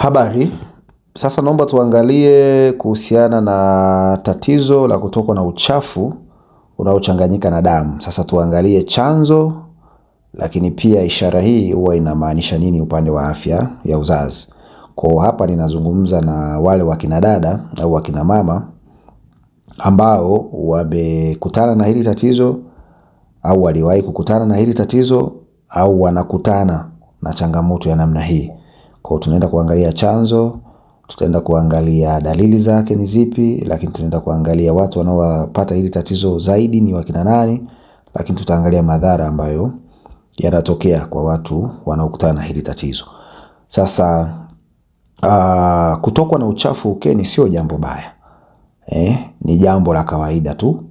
Habari. Sasa naomba tuangalie kuhusiana na tatizo la kutokwa na uchafu unaochanganyika na damu. Sasa tuangalie chanzo, lakini pia ishara hii huwa inamaanisha nini upande wa afya ya uzazi. Kwa hapa ninazungumza na wale wakina dada au wakina mama ambao wamekutana na hili tatizo au waliwahi kukutana na hili tatizo au wanakutana na changamoto ya namna hii. Kwa tunaenda kuangalia chanzo, tutaenda kuangalia dalili zake ni zipi, lakini tunaenda kuangalia watu wanaopata hili tatizo zaidi ni wakina nani, lakini tutaangalia madhara ambayo yanatokea kwa watu wanaokutana na hili tatizo. Sasa ah, kutokwa na uchafu ukeni sio jambo baya eh, ni jambo la kawaida tu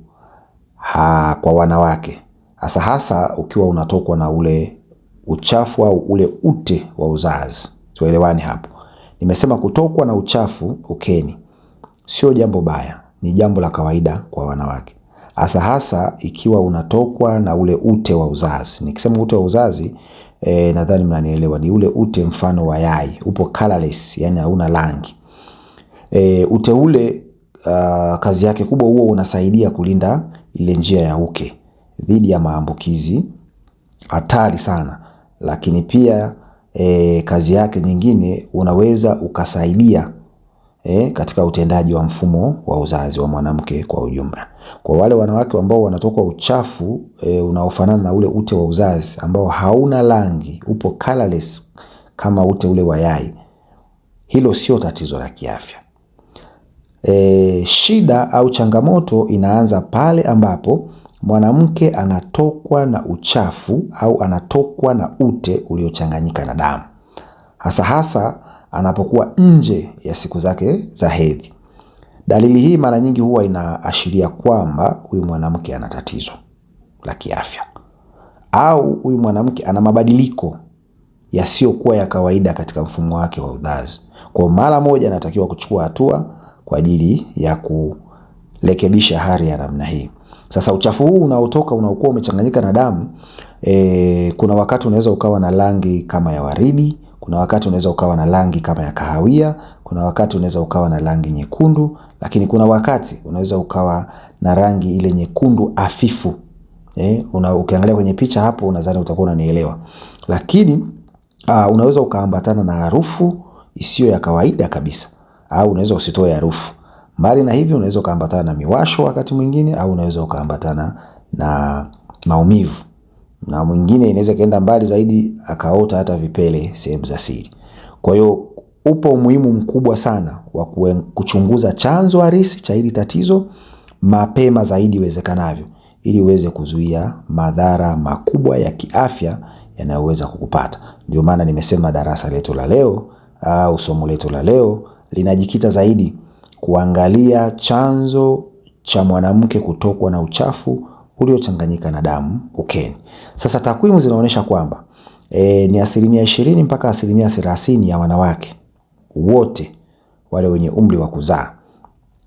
ha, kwa wanawake hasa hasa ukiwa unatokwa na ule uchafu au ule ute wa uzazi. Tuelewane hapo. Nimesema kutokwa na uchafu ukeni sio jambo baya, ni jambo la kawaida kwa wanawake, hasa hasa ikiwa unatokwa na ule ute wa uzazi. Nikisema ute wa uzazi e, nadhani mnanielewa, ni ule ute mfano wa yai, upo colorless, yani hauna rangi e, ute ule uh, kazi yake kubwa huo unasaidia kulinda ile njia ya uke dhidi ya maambukizi hatari sana, lakini pia e, kazi yake nyingine unaweza ukasaidia e, katika utendaji wa mfumo wa uzazi wa mwanamke kwa ujumla. Kwa wale wanawake ambao wanatokwa uchafu e, unaofanana na ule ute wa uzazi ambao hauna rangi, upo colorless kama ute ule wa yai, hilo sio tatizo la kiafya. E, shida au changamoto inaanza pale ambapo Mwanamke anatokwa na uchafu au anatokwa na ute uliochanganyika na damu, hasa hasa anapokuwa nje ya siku zake za hedhi. Dalili hii mara nyingi huwa inaashiria kwamba huyu mwanamke ana tatizo la kiafya au huyu mwanamke ana mabadiliko yasiyokuwa ya kawaida katika mfumo wake wa uzazi. Kwa mara moja anatakiwa kuchukua hatua kwa ajili ya kurekebisha hali ya namna hii. Sasa uchafu huu unaotoka unaokuwa umechanganyika na damu e, kuna wakati unaweza ukawa na rangi kama ya waridi, kuna wakati unaweza ukawa na rangi kama ya kahawia, kuna wakati unaweza ukawa na rangi nyekundu, lakini kuna wakati unaweza ukawa na rangi ile nyekundu afifu. E, una, ukiangalia kwenye picha hapo unadhani utakuwa unanielewa, lakini uh, unaweza ukaambatana na harufu isiyo ya kawaida kabisa, au unaweza usitoe harufu Mbali na hivyo, unaweza ukaambatana na miwasho wakati mwingine, au unaweza ukaambatana na maumivu, na mwingine inaweza kaenda mbali zaidi akaota hata vipele sehemu za siri. Kwa hiyo upo umuhimu mkubwa sana wa kuchunguza chanzo halisi cha hili tatizo mapema zaidi iwezekanavyo, ili uweze kuzuia madhara makubwa ya kiafya yanayoweza kukupata. Ndio maana nimesema darasa letu la leo au somo letu la leo linajikita zaidi kuangalia chanzo cha mwanamke kutokwa na uchafu uliochanganyika na damu ukeni. Sasa takwimu zinaonyesha kwamba e, ni asilimia ishirini mpaka asilimia thelathini ya wanawake wote wale wenye umri wa kuzaa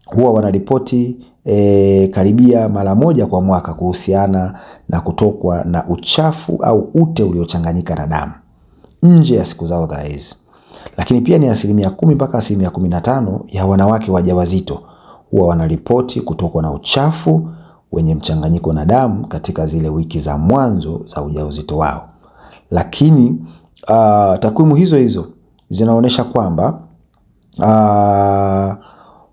huwa wanaripoti e, karibia mara moja kwa mwaka kuhusiana na kutokwa na uchafu au ute uliochanganyika na damu nje ya siku zao za hedhi. Lakini pia ni asilimia kumi mpaka asilimia kumi na tano ya wanawake wajawazito huwa wanaripoti kutokwa na uchafu wenye mchanganyiko na damu katika zile wiki za mwanzo za ujauzito wao. Lakini uh, takwimu hizo hizo zinaonyesha kwamba uh,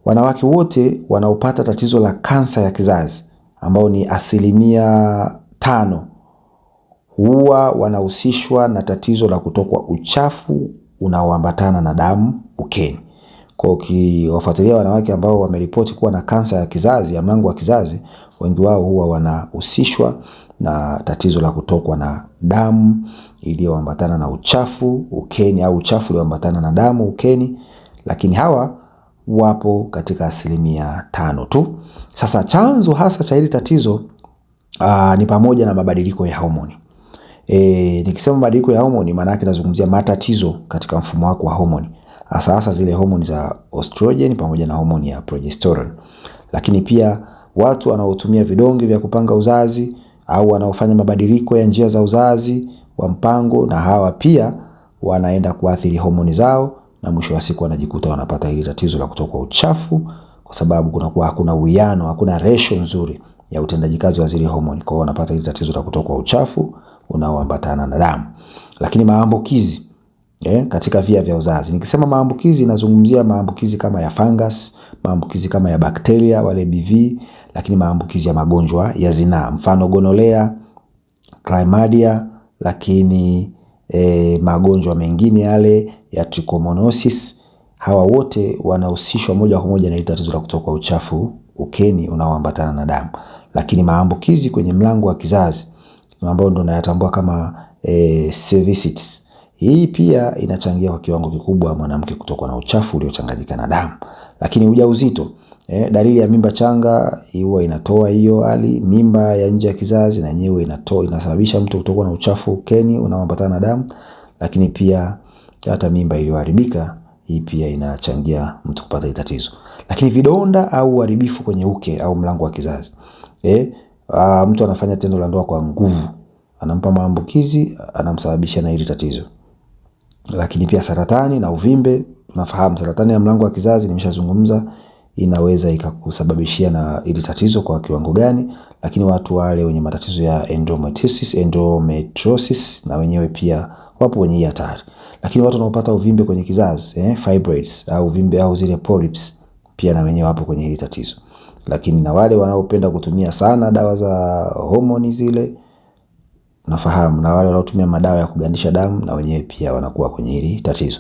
wanawake wote wanaopata tatizo la kansa ya kizazi ambao ni asilimia tano huwa wanahusishwa na tatizo la kutokwa uchafu unaoambatana na damu ukeni. Kwa ukiwafuatilia wanawake ambao wameripoti kuwa na kansa ya kizazi ya mlango wa kizazi, wengi wao huwa wanahusishwa na tatizo la kutokwa na damu iliyoambatana na uchafu ukeni au uchafu ulioambatana na damu ukeni, lakini hawa wapo katika asilimia tano tu. Sasa chanzo hasa cha hili tatizo aa, ni pamoja na mabadiliko ya homoni. E, nikisema mabadiliko ya homoni maana yake nazungumzia matatizo katika mfumo wako wa homoni, hasa hasa zile homoni za estrogen pamoja na homoni ya progesterone. Lakini pia watu wanaotumia vidonge vya kupanga uzazi au wanaofanya mabadiliko ya njia za uzazi wa mpango, na hawa pia wanaenda kuathiri homoni zao, na mwisho wa siku wanajikuta wanapata hili tatizo la kutokwa uchafu, kwa sababu kunakuwa hakuna uwiano, hakuna ratio nzuri ya utendaji kazi wa zile homoni. Kwa hiyo wanapata hili tatizo la kutokwa uchafu unaoambatana na damu. Lakini maambukizi eh, katika via vya uzazi. Nikisema maambukizi nazungumzia maambukizi kama ya fungus, maambukizi kama ya bakteria wale BV, lakini maambukizi ya magonjwa ya zinaa, mfano gonolea, chlamydia, lakini eh, magonjwa mengine yale ya trichomoniasis hawa wote wanahusishwa moja kwa moja na ile tatizo la kutoka uchafu ukeni unaoambatana na damu. Lakini maambukizi kwenye mlango wa kizazi ambayo ndo nayatambua kama e, eh, cervicitis. Hii pia inachangia kwa kiwango kikubwa mwanamke kutokwa na uchafu uliochanganyika na damu. Lakini ujauzito e, dalili ya mimba changa huwa inatoa hiyo hali. Mimba ya nje ya kizazi na yenyewe inatoa, inasababisha mtu kutokwa na uchafu keni unaoambatana na damu. Lakini pia hata mimba iliyoharibika hii pia inachangia mtu kupata tatizo. Lakini vidonda au uharibifu kwenye uke au mlango wa kizazi eh, uh, mtu anafanya tendo la ndoa kwa nguvu, anampa maambukizi, anamsababisha na hili tatizo. Lakini pia saratani na uvimbe, tunafahamu saratani ya mlango wa kizazi, nimeshazungumza inaweza ikakusababishia na ili tatizo kwa kiwango gani. Lakini watu wale wenye matatizo ya endometriosis, endometriosis na wenyewe pia wapo wenye hii hatari. Lakini watu wanaopata uvimbe kwenye kizazi eh, fibroids au uvimbe au zile polyps pia na wenyewe wapo kwenye hili tatizo lakini na wale wanaopenda kutumia sana dawa za homoni zile nafahamu, na wale wanaotumia madawa ya kugandisha damu na wenyewe pia wanakuwa kwenye hili tatizo.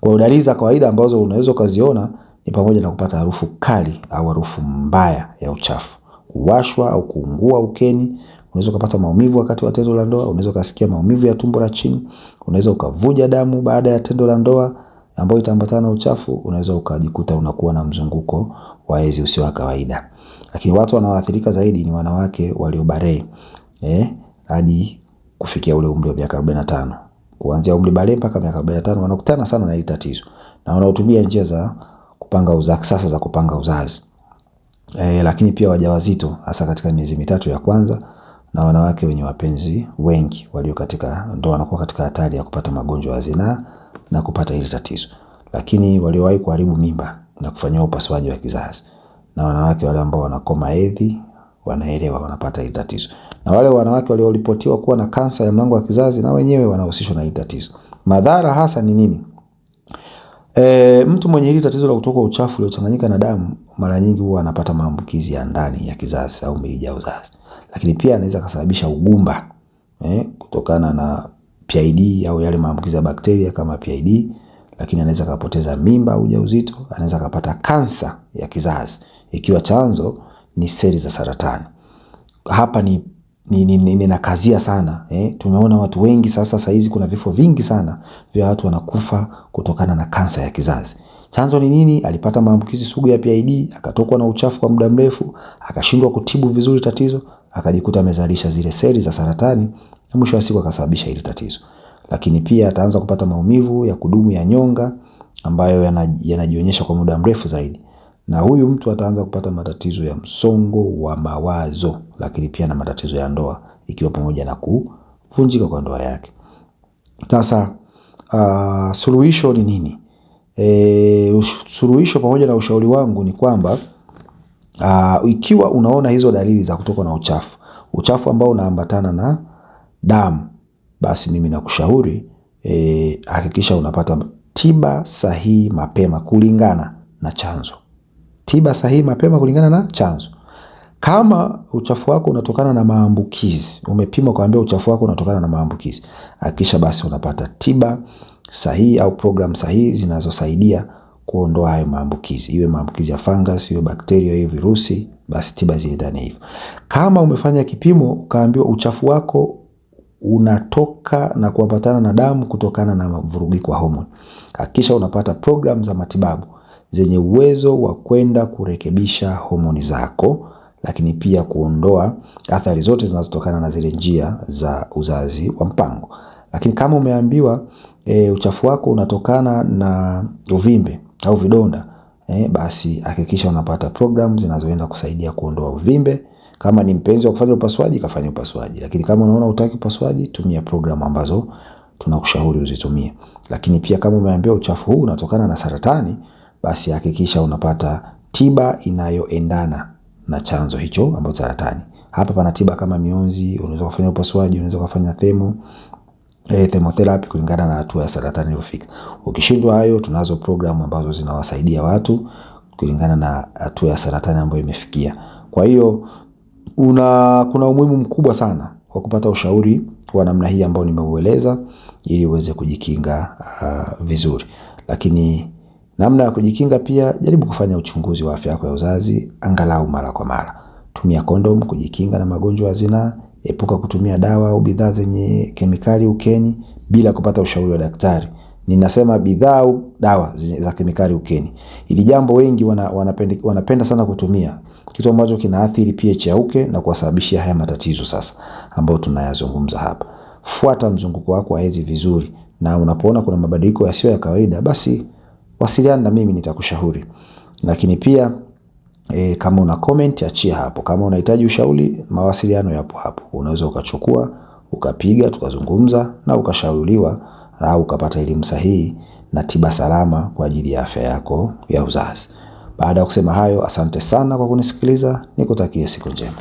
Kwa dalili za kawaida ambazo unaweza ukaziona ni pamoja na kupata harufu kali au harufu mbaya ya uchafu, kuwashwa au kuungua ukeni. Unaweza ukapata maumivu wakati wa tendo la ndoa, unaweza ukasikia maumivu ya tumbo la chini, unaweza ukavuja damu baada ya tendo la ndoa ambayo itaambatana na uchafu. Unaweza ukajikuta unakuwa na mzunguko wa hedhi usio wa kawaida. Lakini watu wanaoathirika zaidi ni wanawake waliobalee eh, hadi kufikia ule umri wa miaka 45. Kuanzia umri balee mpaka miaka 45 wanakutana sana na hili tatizo na wanaotumia njia za kupanga uzazi kisasa za kupanga uzazi. E, lakini pia wajawazito hasa katika miezi mitatu ya kwanza na wanawake wenye wapenzi wengi walio katika ndoa wanakuwa katika hatari ya kupata magonjwa ya zinaa na kupata hili tatizo. Lakini waliowahi kuharibu mimba na kufanyiwa upasuaji wa kizazi. Na wanawake wale ambao wanakoma hedhi wanaelewa, wanapata hili tatizo. Na wale wanawake walioripotiwa kuwa na kansa ya mlango wa kizazi na wenyewe wanahusishwa na hili tatizo. Madhara hasa ni nini? E, mtu mwenye hili tatizo la kutokwa uchafu uliochanganyika na damu mara nyingi huwa anapata maambukizi ya ndani ya kizazi au mirija ya uzazi, lakini pia anaweza kusababisha ugumba eh, kutokana na PID au yale maambukizi ya bakteria kama PID lakini anaweza kapoteza mimba au ujauzito, anaweza kapata kansa ya kizazi ikiwa chanzo ni seli za saratani. Hapa ni ninakazia ni, ni, ni sana eh. Tumeona watu wengi sasa, saizi kuna vifo vingi sana vya watu wanakufa kutokana na kansa ya kizazi. Chanzo ni nini? Alipata maambukizi sugu ya PID, akatokwa na uchafu kwa muda mrefu, akashindwa kutibu vizuri tatizo, akajikuta amezalisha zile seli za saratani na mwisho wa siku akasababisha hili tatizo lakini pia ataanza kupata maumivu ya kudumu ya nyonga ambayo yanajionyesha kwa muda mrefu zaidi, na huyu mtu ataanza kupata matatizo ya msongo wa mawazo, lakini pia na matatizo ya ndoa, ikiwa pamoja na kuvunjika kwa ndoa yake. Sasa uh, suluhisho ni nini? E, suluhisho pamoja na ushauri wangu ni kwamba uh, ikiwa unaona hizo dalili za kutokwa na uchafu, uchafu ambao unaambatana na damu basi mimi nakushauri e, hakikisha unapata tiba sahihi mapema kulingana na chanzo. Tiba sahihi mapema kulingana na chanzo. Kama uchafu wako unatokana na maambukizi, umepima ukaambia uchafu wako unatokana na maambukizi, hakikisha basi unapata tiba sahihi au program sahihi zinazosaidia kuondoa hayo maambukizi, iwe maambukizi ya fungus, iwe bakteria, iwe virusi, basi tiba ziendane hivyo. Kama umefanya kipimo ukaambiwa uchafu wako unatoka na kuambatana na damu kutokana na mvurugiko wa homoni. Hakikisha unapata programu za matibabu zenye uwezo wa kwenda kurekebisha homoni zako, lakini pia kuondoa athari zote zinazotokana na zile njia za uzazi wa mpango. Lakini kama umeambiwa e, uchafu wako unatokana na uvimbe au vidonda e, basi hakikisha unapata programu zinazoenda kusaidia kuondoa uvimbe kama ni mpenzi wa kufanya upasuaji, kafanya upasuaji, lakini kama unaona utaki upasuaji, tumia programu ambazo tunakushauri uzitumie. Lakini pia kama umeambiwa uchafu huu unatokana na saratani, basi hakikisha unapata tiba inayoendana na chanzo hicho ambacho saratani. Hapa pana tiba kama mionzi, unaweza kufanya upasuaji, unaweza kufanya themo eh, themotherapy kulingana na hatua ya saratani iliyofika. Ukishindwa hayo, tunazo programu ambazo zinawasaidia watu kulingana na hatua ya saratani ambayo imefikia. Kwa hiyo una, kuna umuhimu mkubwa sana wa kupata ushauri wa namna hii ambao nimeueleza ili uweze kujikinga uh, vizuri. Lakini namna ya kujikinga pia, jaribu kufanya uchunguzi wa afya yako ya uzazi angalau mara kwa mara. Tumia kondom kujikinga na magonjwa ya zinaa. Epuka kutumia dawa au bidhaa zenye kemikali ukeni bila kupata ushauri wa daktari. Ninasema bidhaa au dawa za kemikali ukeni. Hili jambo wengi wanapenda, wanapenda sana kutumia kitu ambacho kinaathiri pia chauke na kuwasababishia haya matatizo sasa ambayo tunayazungumza hapa. Fuata mzunguko wako wa hedhi vizuri, na unapoona kuna mabadiliko yasiyo ya kawaida, basi wasiliana na mimi nitakushauri. Lakini pia e, kama una comment achia hapo. Kama unahitaji ushauri, mawasiliano yapo hapo, unaweza ukachukua ukapiga tukazungumza na ukashauriwa au ukapata elimu sahihi na tiba salama kwa ajili ya afya yako ya uzazi. Baada ya kusema hayo, asante sana kwa kunisikiliza, nikutakie siku njema.